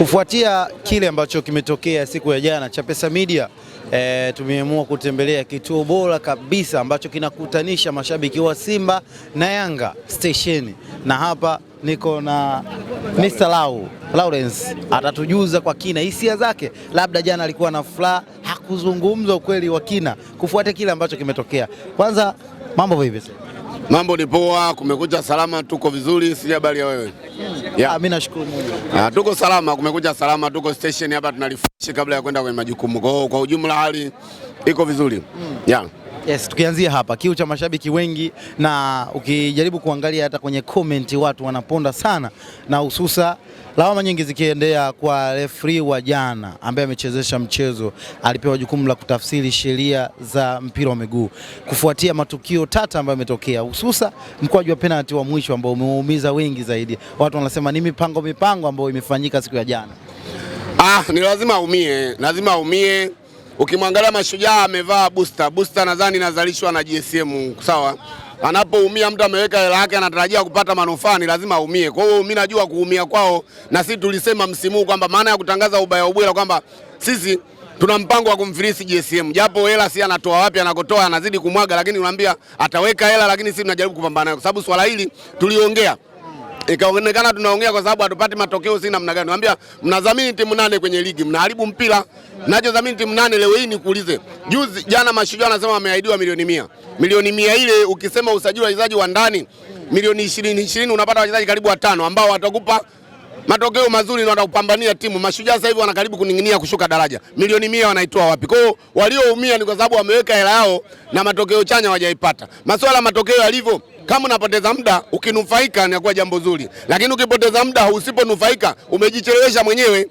Kufuatia kile ambacho kimetokea siku ya jana Chapesa Media e, tumeamua kutembelea kituo bora kabisa ambacho kinakutanisha mashabiki wa Simba na Yanga stesheni, na hapa niko na Mr. Lau Lawrence, atatujuza kwa kina hisia zake, labda jana alikuwa na furaha, hakuzungumza ukweli wa kina kufuatia kile ambacho kimetokea. Kwanza mambo vipi sasa? Mambo ni poa, kumekucha salama, tuko vizuri. Si habari ya wewe? Ah, yeah. Ah, mimi nashukuru Mungu. Ah, tuko salama, kumekucha salama, tuko station hapa tunalifushi kabla ya kwenda kwenye majukumu. Kwa kwa ujumla hali iko vizuri. Mm. Yeah. Yes, tukianzia hapa kiu cha mashabiki wengi, na ukijaribu kuangalia hata kwenye komenti watu wanaponda sana, na hususa lawama nyingi zikiendea kwa refri wa jana ambaye amechezesha mchezo. Alipewa jukumu la kutafsiri sheria za mpira wa miguu kufuatia matukio tata ambayo yametokea, hususa mkwaju wa penalti wa mwisho ambao umewaumiza wengi zaidi. Watu wanasema ni mipango mipango ambayo imefanyika siku ya jana. Ah, ni lazima aumie, lazima aumie Ukimwangalia Mashujaa amevaa booster. Booster nadhani inazalishwa na GSM, sawa? Anapoumia mtu ameweka hela yake, anatarajia kupata manufaa, ni lazima aumie. Kwa hiyo mimi najua kuumia kwao, na sisi tulisema msimu huu kwamba maana ya kutangaza ubaya ubwela kwamba sisi tuna mpango wa kumfilisi GSM, japo hela si anatoa wapi, anakotoa anazidi kumwaga, lakini unaambia ataweka hela, lakini sisi tunajaribu kupambana nayo, kwa sababu swala hili tuliongea ikaonekana tunaongea kwa sababu hatupati matokeo, si namna gani? Naambia mnadhamini timu nane kwenye ligi, mnaharibu mpira. Ninachodhamini timu nane leo hii nikuulize, juzi jana Mashujaa anasema ameahidiwa milioni mia, milioni mia ile ukisema usajili wachezaji wa ndani milioni ishirini ishirini, unapata wachezaji karibu watano ambao watakupa matokeo mazuri na watakupambania timu. Mashujaa sasa hivi wanakaribu kuning'inia kushuka daraja, milioni mia wanaitoa wapi? Kwa walioumia ni kwa sababu wameweka hela yao na matokeo chanya wajaipata. Masuala matokeo yalivyo kama unapoteza muda ukinufaika, kwa jambo zuri, lakini ukipoteza muda usiponufaika, umejichelewesha mwenyewe.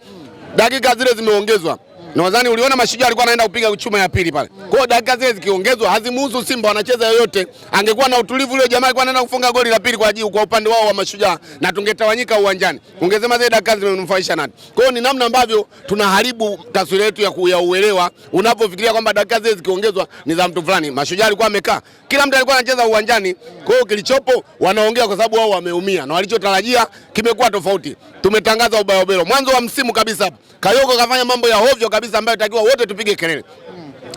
Dakika zile zimeongezwa na wadhani uliona mashujaa alikuwa anaenda kupiga chuma ya pili pale. Mm. Kwa hiyo dakika zile zikiongezwa hazimuhusu Simba, wanacheza yoyote. Angekuwa na utulivu yule jamaa, alikuwa anaenda kufunga goli la pili kwa ajili kwa upande wao wa mashujaa, na tungetawanyika uwanjani, ungesema zile dakika zimenufaisha nani? Kwa hiyo ni namna ambavyo tunaharibu taswira yetu ya kuyauelewa, unapofikiria kwamba dakika zile zikiongezwa ni za mtu fulani. Mashujaa alikuwa amekaa, kila mtu alikuwa anacheza uwanjani. Kwa hiyo kilichopo wanaongea kwa sababu wao wameumia, na walichotarajia kimekuwa tofauti. Tumetangaza ubayobelo mwanzo wa msimu kabisa, Kayoko kafanya mambo ya hovyo kabisa kabisa ambayo takiwa wote tupige kelele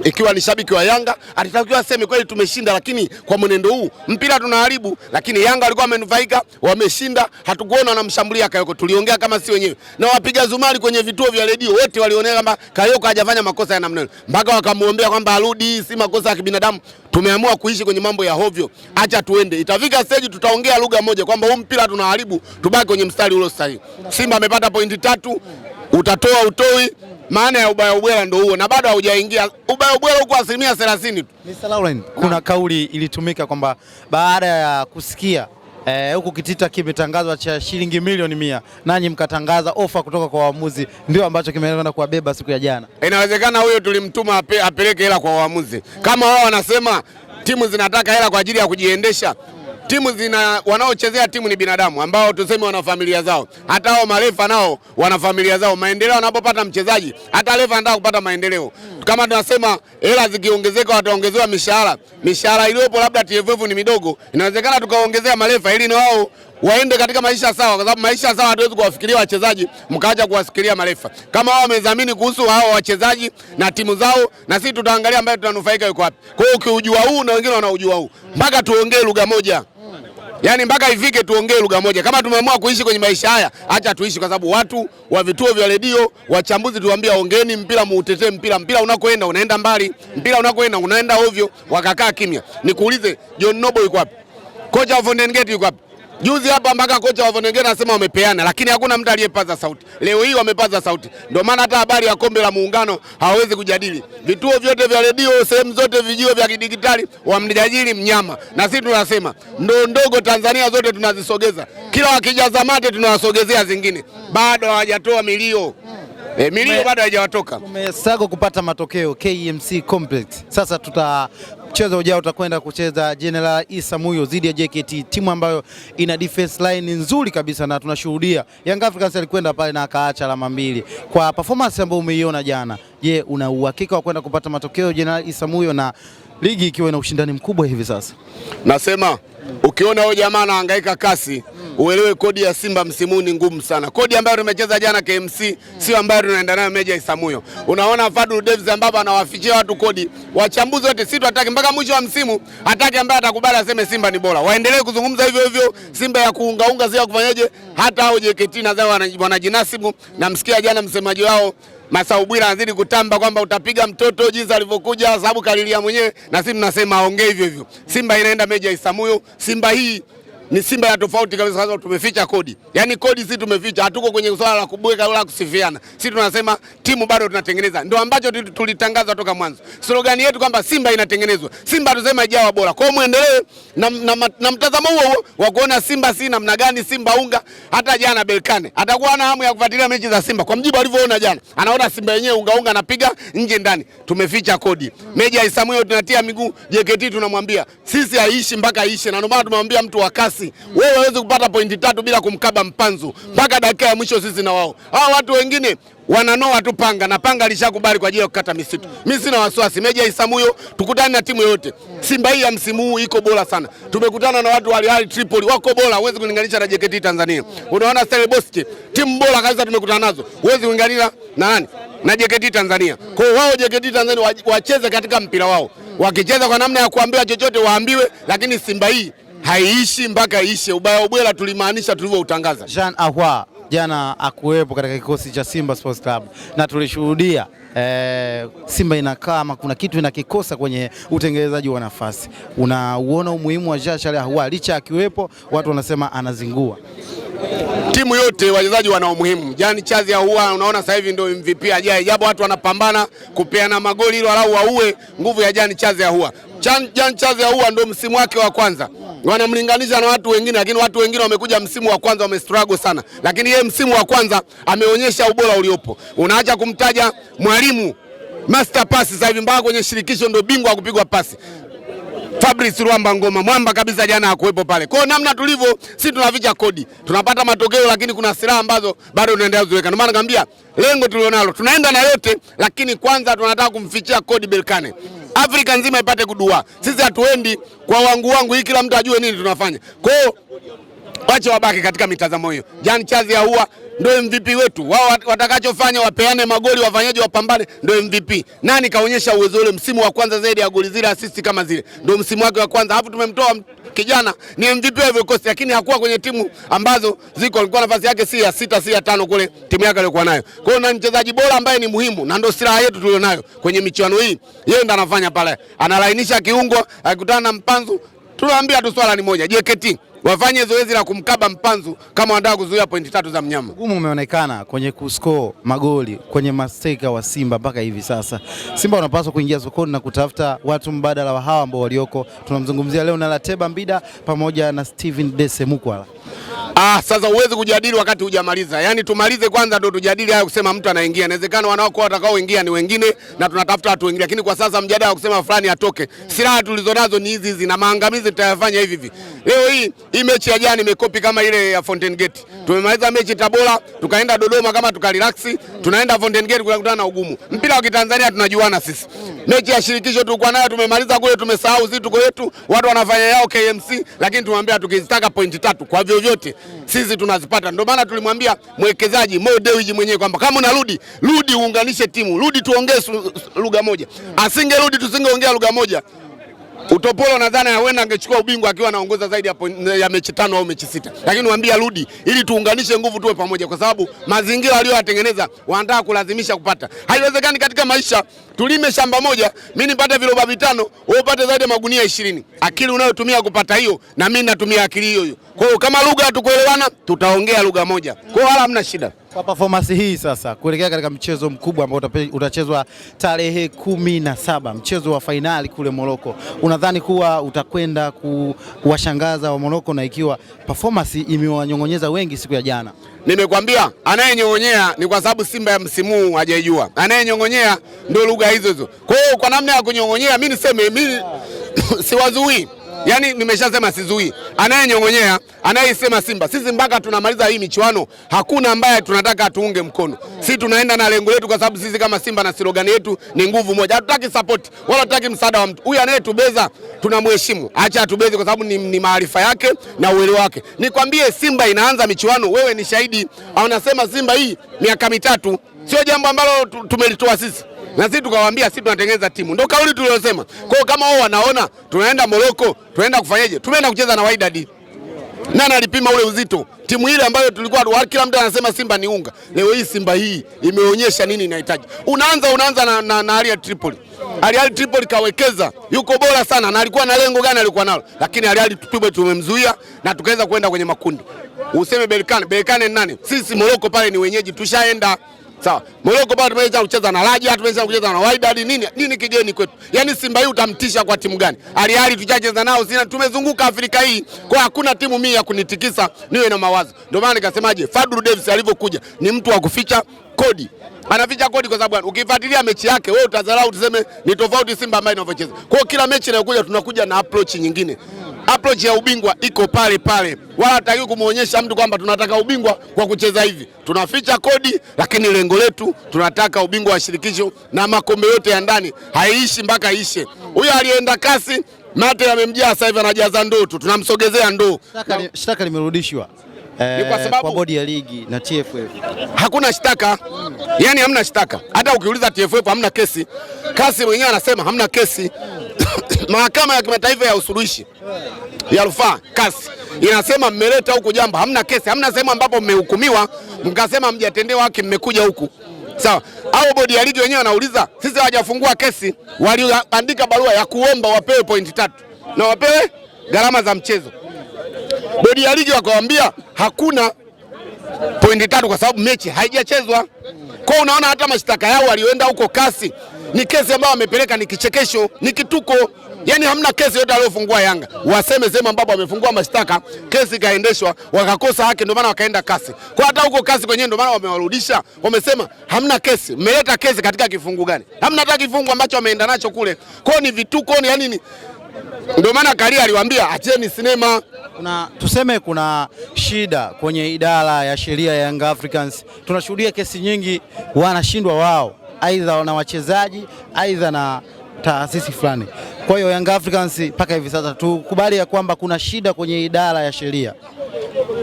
Ikiwa ni shabiki wa Yanga alitakiwa aseme kweli tumeshinda, lakini kwa mwenendo huu mpira tunaharibu. Lakini Yanga walikuwa wamenufaika, wameshinda, hatukuona wanamshambulia Kayoko. Tuliongea kama si wenyewe na wapiga zumari kwenye vituo vya redio, wote walionea kwamba Kayoko hajafanya makosa ya namna hiyo, mpaka wakamwombea kwamba arudi, si makosa ya kibinadamu. Tumeamua kuishi kwenye mambo ya hovyo, acha tuende. Itafika stage tutaongea lugha moja kwamba huu mpira tunaharibu, tubaki kwenye mstari ule sahihi. Simba amepata pointi tatu, utatoa utoi maana ya ubaya ubwela ndio huo, na bado haujaingia ubaya ubwela huko asilimia thelathini tu. Mr. Laurent, kuna kauli ilitumika kwamba baada ya kusikia eh, huku eh, kitita kimetangazwa cha shilingi milioni mia nanyi mkatangaza ofa kutoka kwa waamuzi, ndio ambacho kimeenda kuwabeba siku ya jana. Inawezekana huyo tulimtuma ape, apeleke hela kwa waamuzi kama wao wanasema timu zinataka hela kwa ajili ya kujiendesha timu zina wanaochezea timu ni binadamu ambao tuseme wana familia zao, hata hao marefa nao wana familia zao. Maendeleo anapopata mchezaji, hata refa anataka kupata maendeleo. Kama tunasema hela zikiongezeka wataongezewa mishahara, mishahara iliyopo labda TFF ni midogo, inawezekana tukaongezea marefa ili na wao waende katika maisha sawa, kwa sababu maisha sawa hatuwezi kuwafikiria wachezaji mkaacha kuwafikiria marefa. Kama wao wamedhamini kuhusu hao wachezaji na timu zao, na sisi tutaangalia ambaye tunanufaika yuko wapi. Kwa hiyo ukiujua huu na wengine wanaujua huu, mpaka tuongee lugha moja yaani mpaka ifike tuongee lugha moja. Kama tumeamua kuishi kwenye maisha haya, acha tuishi, kwa sababu watu wa vituo vya redio, wachambuzi, tuambia ongeni mpira, muutetee mpira. Mpira unakoenda unaenda mbali, mpira unakoenda unaenda ovyo, wakakaa kimya. Nikuulize, John Noble yuko wapi? Kocha wa Fountain Gate yuko wapi? Juzi hapa mpaka kocha wavonengera anasema wamepeana, lakini hakuna mtu aliyepaza sauti. Leo hii wamepaza sauti, ndio maana hata habari ya kombe la muungano hawawezi kujadili. Vituo vyote vya redio, sehemu zote, vijio vya kidigitali, wamjadili mnyama, na sisi tunasema ndo ndogo Tanzania zote tunazisogeza, kila wakijaza mate tunawasogezea zingine, bado hawajatoa milio E, milio bado haijawatoka. Tumesago kupata matokeo KMC Complex. Sasa tuta Mchezo ujao utakwenda kucheza General isamuyo Muyo dhidi ya JKT, timu ambayo ina defense line nzuri kabisa, na tunashuhudia Young Africans alikwenda pale na akaacha alama mbili. Kwa performance ambayo umeiona jana, je, una uhakika wa kwenda kupata matokeo General isamuyo Muyo na ligi ikiwa na ushindani mkubwa hivi sasa? Nasema ukiona huyo jamaa anahangaika kasi Uelewe kodi ya Simba msimu ni ngumu sana. Kodi ambayo tumecheza jana KMC mm. sio ambayo tunaenda nayo Meja Isamuyo. Unaona Fadul Davids ambapo anawafichia watu kodi. Wachambuzi wote sisi tutaki mpaka mwisho wa msimu hataki ambaye atakubali aseme Simba ni bora. Waendelee kuzungumza hivyo hivyo Simba ya kuungaunga sio kufanyaje hata hao JKT na zao wanajinasibu na msikia jana msemaji wao Masau Bwira anazidi kutamba kwamba utapiga mtoto jinsi alivyokuja, sababu kalilia mwenyewe, na sisi tunasema aongee hivyo hivyo. Simba inaenda Meja Isamuyo. Simba hii ni Simba ya tofauti kabisa. Sasa tumeficha kodi, yaani kodi sisi tumeficha, hatuko kwenye swala la kubweka wala kusifiana. Sisi tunasema timu bado tunatengeneza, ndio ambacho tulitangaza toka mwanzo, slogan yetu kwamba Simba inatengenezwa. Simba tusema ijawa bora kwao, mwendelee na, na, na, na mtazamo huo huo wa kuona Simba si namna gani, Simba unga. Hata jana Belkane atakuwa na hamu ya kufuatilia mechi za Simba kwa mjibu alivyoona jana, anaona Simba yenyewe unga unga, anapiga nje ndani. Tumeficha kodi, meja Isamuyo tunatia miguu, JKT tunamwambia sisi haishi mpaka aishe, na ndio maana tumemwambia mtu wa kasi nafasi mm. wewe hawezi kupata pointi tatu bila kumkaba mpanzu mpaka mm. dakika ya mwisho, sisi na wao. Hawa watu wengine wananoa tu panga na panga alishakubali kwa ajili ya kukata misitu. Mimi sina wasiwasi, Meja Isamu huyo, tukutane na timu yoyote. Simba hii ya msimu huu iko bora sana, tumekutana na watu wa hali Tripoli wako bora, huwezi kulinganisha na jeketi Tanzania. Unaona Stella Bosch, timu bora kabisa tumekutana nazo, huwezi kulinganisha na nani na JKT Tanzania. Kwa hiyo wao JKT Tanzania wacheze katika mpira wao, wakicheza kwa namna ya kuambiwa chochote waambiwe, lakini Simba hii haiishi mpaka ishe. Ubaya ubwela tulimaanisha tulivyoutangaza. Jean Ahoua jana akuwepo katika kikosi cha Simba Sports Club na tulishuhudia e, Simba inakaa ama kuna kitu inakikosa kwenye utengenezaji wa nafasi. Unauona umuhimu wa Jean Ahoua licha akiwepo, watu wanasema anazingua timu yote, wachezaji wana umuhimu. Jean Ahoua huwa unaona sasa hivi ndio MVP ajaye, japo watu wanapambana kupeana magoli ili walau waue nguvu ya Jean Ahoua. Jan Chaze huwa ndo msimu wake wa kwanza, wanamlinganisha na watu wengine, lakini watu wengine wamekuja msimu wa kwanza wame struggle sana, lakini yeye msimu wa kwanza ameonyesha ubora uliopo. Unaacha kumtaja mwalimu master pass sasa hivi mpaka kwenye shirikisho ndo bingwa wa kupigwa pasi. Fabrice Ruamba Ngoma mwamba kabisa, jana hakuwepo pale. Kwa namna tulivyo, si tunaficha kodi, tunapata matokeo, lakini kuna silaha ambazo bado tunaendelea kuziweka. Ndio maana nakwambia lengo tulionalo tunaenda na yote, lakini kwanza tunataka kumfichia kodi Berkane. Afrika nzima ipate kudua. Sisi hatuendi kwa wangu wangu hii, kila mtu ajue nini tunafanya. Kwa hiyo wache wabaki katika mitazamo hiyo. Jan Chazi Ahoua ndio MVP wetu, wao watakachofanya wapeane magoli, wafanyaji wapambane, ndio MVP. Nani kaonyesha uwezo ule msimu wa kwanza zaidi ya goli zile, asisti kama zile, ndio msimu wake wa kwanza, alafu tumemtoa kijana ni MVP Ivory Coast, lakini hakuwa kwenye timu ambazo ziko, alikuwa nafasi yake si ya sita si ya tano kule timu yake aliyokuwa nayo. Kwa hiyo na mchezaji bora ambaye ni muhimu na ndio silaha yetu tulionayo kwenye michuano hii, yeye ndo anafanya pale, analainisha kiungo, akikutana na mpanzu tunaambia tu swala ni moja, JKT wafanye zoezi la kumkaba mpanzu kama wanataka kuzuia pointi tatu za mnyama. Ugumu umeonekana kwenye kuscore magoli kwenye masteka wa Simba mpaka hivi sasa. Simba wanapaswa kuingia sokoni na kutafuta watu mbadala wa hawa ambao walioko. Tunamzungumzia leo na Lateba Mbida pamoja na Steven Dese Mukwala. Ah, sasa huwezi kujadili wakati hujamaliza. Yaani tumalize kwanza ndio tujadili haya kusema mtu anaingia. Inawezekana wanawako watakaoingia ni wengine na tunatafuta watu wengine. Lakini kwa sasa mjadala wa kusema fulani atoke. Silaha tulizonazo ni hizi hizi na maangamizi tutayafanya hivi hivi. Leo hii hii mechi ya jana imekopi kama ile ya Fountain Gate. Tumemaliza mechi Tabora, tukaenda Dodoma kama tukarelax, tunaenda Fountain Gate kukutana na ugumu. Mpira wa Kitanzania tunajuana sisi. Mechi ya shirikisho tulikuwa nayo tumemaliza kule tumesahau zitu kwetu, watu wanafanya yao KMC, lakini tumwambia tukizitaka pointi tatu kwa vyovyote sisi tunazipata. Ndio maana tulimwambia mwekezaji Mo Dewji mwenyewe kwamba kama unarudi, rudi uunganishe timu, rudi tuongee lugha moja. Asingerudi tusingeongea lugha moja. Utopolo nadhani huenda angechukua ubingwa akiwa anaongoza zaidi ya, ya mechi tano au mechi sita, lakini wambia rudi ili tuunganishe nguvu, tuwe pamoja, kwa sababu mazingira aliyoyatengeneza wanataka kulazimisha kupata. Haiwezekani katika maisha tulime shamba moja, mimi nipate viroba vitano, wewe upate zaidi ya magunia ishirini. Akili unayotumia kupata hiyo, na mimi natumia akili hiyo hiyo. Kwa hiyo kama lugha hatukuelewana, tutaongea lugha moja, kwa hiyo wala hamna shida. Kwa performance hii sasa kuelekea katika mchezo mkubwa ambao utachezwa tarehe kumi na saba mchezo wa fainali kule moroko unadhani kuwa utakwenda kuwashangaza wa moroko na ikiwa performance imewanyong'onyeza wengi siku ya jana? Nimekwambia anayenyong'onyea ni kwa sababu Simba ya msimu huu hajaijua. Anayenyong'onyea ndio lugha hizo hizo. Kwa hiyo kwa namna ya kunyong'onyea, mimi niseme mimi siwazuii Yaani nimeshasema sizui, anayenyong'onyea anayesema Simba, sisi mpaka tunamaliza hii michuano hakuna ambaye tunataka atuunge mkono. Sisi tunaenda na lengo letu, kwa sababu sisi kama Simba na slogan yetu ni nguvu moja. Hatutaki support wala hatutaki msaada wa mtu. Huyu anayetubeza tunamheshimu, acha atubeze, kwa sababu ni, ni maarifa yake na uelewa wake. Nikwambie, Simba inaanza michuano, wewe ni shahidi. Anasema Simba hii miaka mitatu, sio jambo ambalo tumelitoa sisi na sisi tukawaambia sisi tunatengeneza timu, ndio kauli tuliyosema. Kwa hiyo kama wao wanaona tunaenda Moroko, tunaenda kufanyaje? Tumeenda kucheza na Wydad. Nani alipima ule uzito? Timu ile ambayo tulikuwa kila mtu anasema Simba ni unga, leo hii Simba hii imeonyesha nini inahitaji. Unaanza unaanza na, na, na Al Tripoli. Al Tripoli kawekeza, yuko bora sana, na alikuwa na lengo gani alikuwa nalo, lakini Al Tripoli tumemzuia na tukaweza kwenda kwenye makundi. Useme Berkane, Berkane nani? Sisi Moroko pale ni wenyeji, tushaenda Sawa. Morocco bado tumeweza kucheza na Raja, tumeweza kucheza na Wydad nini? Nini kigeni kwetu? Yaani Simba hii utamtisha kwa timu gani? Hali hali tujacheza nao sina tumezunguka Afrika hii kwa hakuna timu mimi ya kunitikisa niwe na mawazo. Ndio maana nikasemaje Fadlu Davis alivyokuja ni mtu wa kuficha kodi. Anaficha kodi kwa sababu ukifuatilia mechi yake wewe utadharau tuseme ni tofauti Simba ambayo inavyocheza. Kwa kila mechi inayokuja tunakuja na approach nyingine approach ya ubingwa iko pale pale, wala hatakiwi kumwonyesha mtu kwamba tunataka ubingwa kwa kucheza hivi. Tunaficha kodi, lakini lengo letu tunataka ubingwa wa shirikisho na makombe yote ya ndani, haiishi mpaka ishe. Huyo alienda kasi mate yamemjaa, sasa hivi anajaza ndoo tu, tunamsogezea ndoo. Shtaka limerudishwa ni kwa eh, sababu kwa bodi ya ligi na TFF hakuna shtaka Yani hamna shtaka, hata ukiuliza TFF hamna kesi. Kasi mwenyewe anasema hamna kesi Mahakama ya kimataifa ya usuluhishi ya rufaa kasi inasema mmeleta huku jambo, hamna kesi, hamna sehemu ambapo mmehukumiwa mkasema mjatendewa haki, mmekuja huku sawa. Au bodi ya ligi wenyewe wanauliza, sisi hawajafungua kesi, waliandika barua ya kuomba wapewe pointi tatu na wapewe gharama za mchezo. Bodi ya ligi wakawambia hakuna pointi tatu kwa sababu mechi haijachezwa. Kwa unaona hata mashtaka yao walioenda huko kasi ni kesi ambayo amepeleka, ni kichekesho, ni kituko. Yani hamna kesi yote aliyofungua Yanga. Waseme sehemu ambapo wamefungua mashtaka, kesi kaendeshwa, wakakosa haki, ndio maana wakaenda kasi. Kwa hata huko kasi kwenyewe, ndio maana wamewarudisha, wamesema hamna kesi. Mmeleta kesi katika kifungu gani? Hamna hata kifungu ambacho ameenda nacho kule. Kwao ni vituko, ni yani ni ndio maana Kalia aliwaambia acheni sinema. Kuna tuseme kuna shida kwenye idara ya sheria ya Young Africans. Tunashuhudia kesi nyingi wanashindwa wao aidha na wachezaji, aidha na taasisi fulani. Kwa hiyo Young Africans mpaka hivi sasa tukubali ya kwamba kuna shida kwenye idara ya sheria.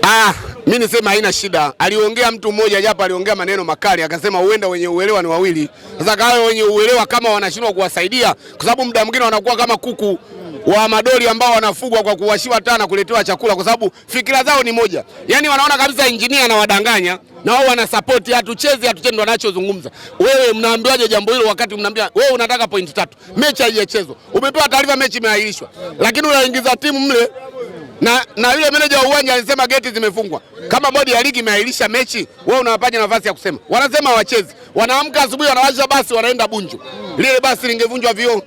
Ah, mi nisema haina shida. Aliongea mtu mmoja japo aliongea maneno makali, akasema huenda wenye uelewa ni wawili. Sasa kawa wenye uelewa kama wanashindwa kuwasaidia, kwa sababu muda mwingine wanakuwa kama kuku wa madoli ambao wanafugwa kwa kuwashiwa taa na kuletewa chakula, kwa sababu fikira zao ni moja. yaani wanaona kabisa injinia anawadanganya na wao wanasapoti, hatuchezi hatuchezi, ndo anachozungumza. Wewe mnaambiaje jambo hilo wakati mnaambia wewe unataka pointi tatu, mechi haijachezwa, umepewa taarifa mechi imeahirishwa, lakini unaingiza timu mle na, na yule meneja wa uwanja alisema geti zimefungwa. Kama bodi ya ligi imeahirisha mechi, wewe unawapaja nafasi ya kusema? Wanasema wachezi, wanaamka asubuhi, wanawasha basi, wanaenda Bunju lile basi lingevunjwa vioo.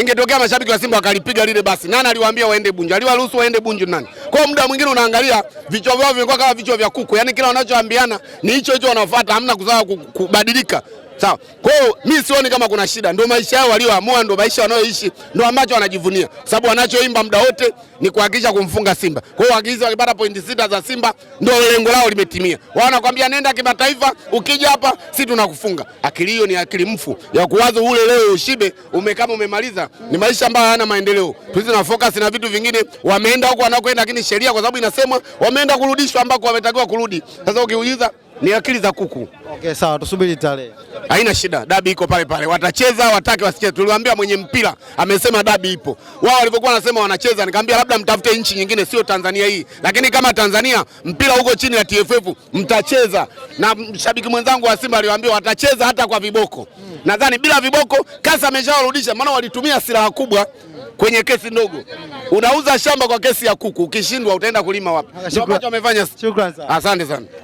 Ingetokea mashabiki wa Simba wakalipiga lile basi, nani aliwaambia waende Bunju? Aliwaruhusu waende Bunju nani? Kwa muda mwingine unaangalia vichwa vyao vimekuwa kama vichwa vya kuku, yaani kila wanachoambiana ni hicho hicho wanafuata, hamna kuzaa kubadilika sawa. Kwa hiyo mimi sioni kama kuna shida, ndio maisha yao walioamua, ndio maisha wanayoishi, ndio ambacho wanajivunia, sababu wanachoimba muda wote ni kuhakikisha kumfunga Simba. Kwa hiyo hakikisha wakipata pointi sita za Simba, ndio lengo lao limetimia. Wao wanakuambia nenda kimataifa, ukija hapa si tunakufunga. Akili hiyo ni akili mfu ya kuwaza ule leo ushibe, umekama umemaliza, ni maisha ambayo hayana maendeleo. Sisi na focus na vitu vingine, wameenda huko wanakoenda, lakini sheria kwa sababu inasema wameenda kurudishwa ambako wametakiwa kurudi. Sasa ukiuliza ni akili za kuku. Okay, sawa, tusubiri tarehe, haina shida. Dabi iko pale pale, watacheza watake wasicheze. Tuliwaambia mwenye mpira amesema dabi ipo. Wao walivyokuwa wanasema wanacheza, nikamwambia labda mtafute nchi nyingine, sio Tanzania hii, lakini kama Tanzania mpira uko chini ya TFF mtacheza. Na mshabiki mwenzangu wa Simba aliwaambia watacheza hata kwa viboko. Hmm, nadhani bila viboko kasa ameshawarudisha, maana walitumia silaha kubwa kwenye kesi ndogo. Unauza shamba kwa kesi ya kuku, ukishindwa utaenda kulima wapi? Ndio ambacho wamefanya. Asante sana.